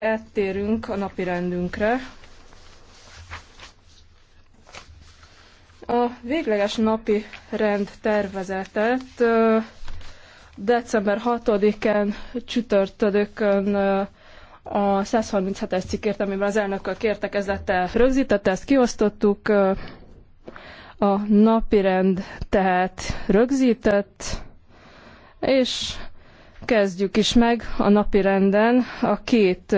áttérünk a napi rendünkre. A végleges napi rend tervezetet december 6-án csütörtödökön a 137-es cikkért, amiben az elnökkel kértekezlete rögzítette, ezt kiosztottuk. A napi rend tehát rögzített, és kezdjük is meg a napirenden a két